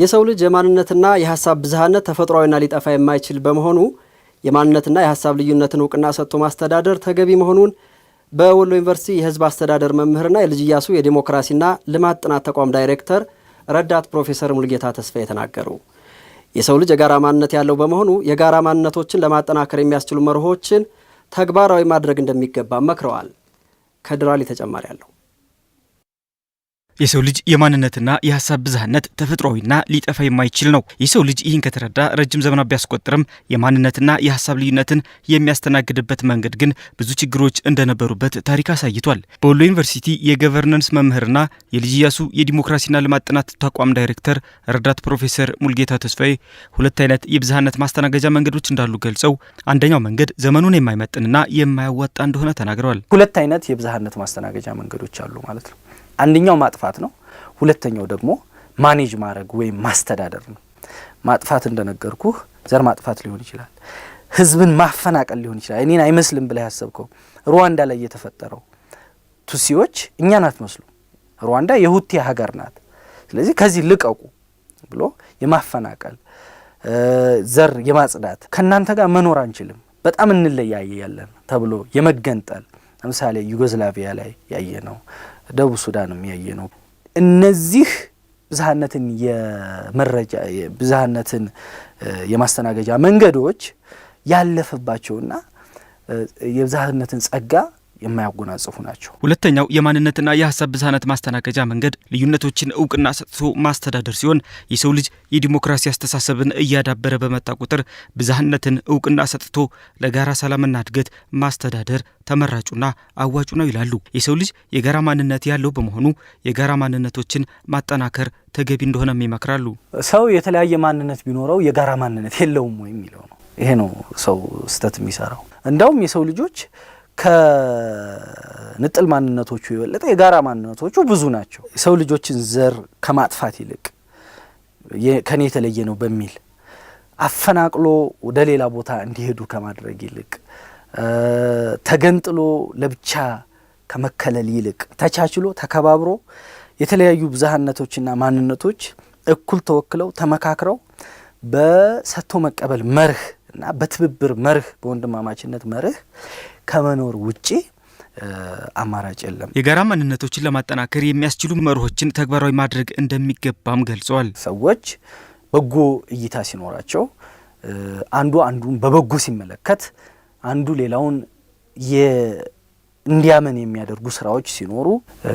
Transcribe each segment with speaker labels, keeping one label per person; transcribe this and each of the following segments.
Speaker 1: የሰው ልጅ የማንነትና የሀሳብ ብዝሃነት ተፈጥሯዊና ሊጠፋ የማይችል በመሆኑ የማንነትና የሀሳብ ልዩነትን እውቅና ሰጥቶ ማስተዳደር ተገቢ መሆኑን በወሎ ዩኒቨርሲቲ የህዝብ አስተዳደር መምህርና የልጅ ኢያሱ የዲሞክራሲና ልማት ጥናት ተቋም ዳይሬክተር ረዳት ፕሮፌሰር ሙልጌታ ተስፋ የተናገሩ። የሰው ልጅ የጋራ ማንነት ያለው በመሆኑ የጋራ ማንነቶችን ለማጠናከር የሚያስችሉ መርሆችን ተግባራዊ ማድረግ እንደሚገባ መክረዋል። ከድራሊ ተጨማሪ አለው።
Speaker 2: የሰው ልጅ የማንነትና የሀሳብ ብዝሃነት ተፈጥሯዊና ሊጠፋ የማይችል ነው። የሰው ልጅ ይህን ከተረዳ ረጅም ዘመናት ቢያስቆጥርም የማንነትና የሀሳብ ልዩነትን የሚያስተናግድበት መንገድ ግን ብዙ ችግሮች እንደነበሩበት ታሪክ አሳይቷል። በወሎ ዩኒቨርሲቲ የገቨርነንስ መምህርና የልጅ ኢያሱ የዲሞክራሲና ልማት ጥናት ተቋም ዳይሬክተር ረዳት ፕሮፌሰር ሙልጌታ ተስፋዬ ሁለት አይነት የብዝሃነት ማስተናገጃ መንገዶች እንዳሉ ገልጸው አንደኛው መንገድ ዘመኑን የማይመጥንና የማያዋጣ እንደሆነ ተናግረዋል።
Speaker 1: ሁለት አይነት የብዝሃነት ማስተናገጃ መንገዶች አሉ ማለት ነው። አንደኛው ማጥፋት ነው። ሁለተኛው ደግሞ ማኔጅ ማድረግ ወይም ማስተዳደር ነው። ማጥፋት እንደነገርኩህ ዘር ማጥፋት ሊሆን ይችላል። ህዝብን ማፈናቀል ሊሆን ይችላል። እኔን አይመስልም ብለህ ያሰብከው ሩዋንዳ ላይ የተፈጠረው ቱሲዎች እኛን አትመስሉም፣ ሩዋንዳ የሁቲ ሀገር ናት፣ ስለዚህ ከዚህ ልቀቁ ብሎ የማፈናቀል ዘር የማጽዳት ከእናንተ ጋር መኖር አንችልም፣ በጣም እንለያየ ያለን ተብሎ የመገንጠል ለምሳሌ ዩጎዝላቪያ ላይ ያየ ነው፣ ደቡብ ሱዳንም ያየ ነው። እነዚህ ብዝሃነትን የመረጃ ብዝሃነትን የማስተናገጃ መንገዶች ያለፈባቸውና የብዝሃነትን ጸጋ የማያጎናጽፉ ናቸው።
Speaker 2: ሁለተኛው የማንነትና የሀሳብ ብዝሃነት ማስተናገጃ መንገድ ልዩነቶችን እውቅና ሰጥቶ ማስተዳደር ሲሆን የሰው ልጅ የዲሞክራሲ አስተሳሰብን እያዳበረ በመጣ ቁጥር ብዝሃነትን እውቅና ሰጥቶ ለጋራ ሰላምና እድገት ማስተዳደር ተመራጩና አዋጩ ነው ይላሉ። የሰው ልጅ የጋራ ማንነት ያለው በመሆኑ የጋራ ማንነቶችን ማጠናከር ተገቢ እንደሆነም ይመክራሉ።
Speaker 1: ሰው የተለያየ ማንነት ቢኖረው የጋራ ማንነት የለውም ወይ የሚለው ነው። ይሄ ነው ሰው ስህተት የሚሰራው። እንዳውም የሰው ልጆች ከንጥል ማንነቶቹ የበለጠ የጋራ ማንነቶቹ ብዙ ናቸው። የሰው ልጆችን ዘር ከማጥፋት ይልቅ ከኔ የተለየ ነው በሚል አፈናቅሎ ወደ ሌላ ቦታ እንዲሄዱ ከማድረግ ይልቅ ተገንጥሎ ለብቻ ከመከለል ይልቅ ተቻችሎ ተከባብሮ የተለያዩ ብዝሃነቶችና ማንነቶች እኩል ተወክለው ተመካክረው በሰጥቶ መቀበል መርህ እና በትብብር መርህ በወንድማማችነት መርህ ከመኖር ውጪ አማራጭ የለም።
Speaker 2: የጋራ ማንነቶችን ለማጠናከር የሚያስችሉ መርሆችን ተግባራዊ ማድረግ እንደሚገባም ገልጸዋል።
Speaker 1: ሰዎች በጎ እይታ ሲኖራቸው፣ አንዱ አንዱን በበጎ ሲመለከት፣ አንዱ ሌላውን እንዲያመን የሚያደርጉ ስራዎች ሲኖሩ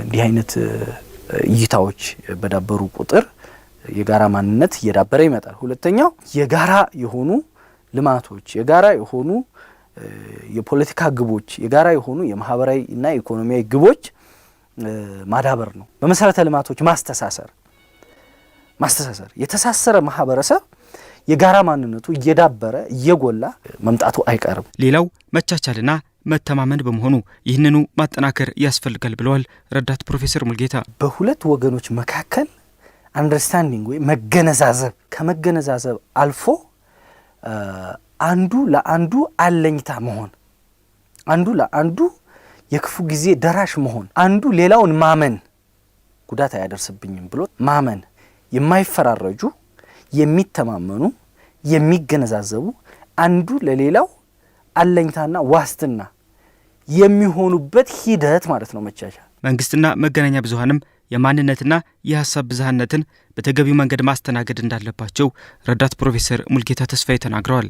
Speaker 1: እንዲህ አይነት እይታዎች በዳበሩ ቁጥር የጋራ ማንነት እየዳበረ ይመጣል። ሁለተኛው የጋራ የሆኑ ልማቶች፣ የጋራ የሆኑ የፖለቲካ ግቦች፣ የጋራ የሆኑ የማህበራዊ እና ኢኮኖሚያዊ ግቦች ማዳበር ነው። በመሰረተ ልማቶች ማስተሳሰር ማስተሳሰር የተሳሰረ ማህበረሰብ የጋራ ማንነቱ እየዳበረ እየጎላ መምጣቱ አይቀርም።
Speaker 2: ሌላው መቻቻልና መተማመን በመሆኑ ይህንኑ ማጠናከር ያስፈልጋል ብለዋል ረዳት ፕሮፌሰር ሙልጌታ።
Speaker 1: በሁለት ወገኖች መካከል አንደርስታንዲንግ ወይ መገነዛዘብ ከመገነዛዘብ አልፎ አንዱ ለአንዱ አለኝታ መሆን፣ አንዱ ለአንዱ የክፉ ጊዜ ደራሽ መሆን፣ አንዱ ሌላውን ማመን ጉዳት አያደርስብኝም ብሎ ማመን፣ የማይፈራረጁ የሚተማመኑ፣ የሚገነዛዘቡ አንዱ ለሌላው አለኝታና ዋስትና የሚሆኑበት ሂደት ማለት ነው መቻቻል።
Speaker 2: መንግስትና መገናኛ ብዙሀንም የማንነትና የሀሳብ ብዝሃነትን በተገቢው መንገድ ማስተናገድ እንዳለባቸው ረዳት ፕሮፌሰር ሙልጌታ ተስፋዬ ተናግረዋል።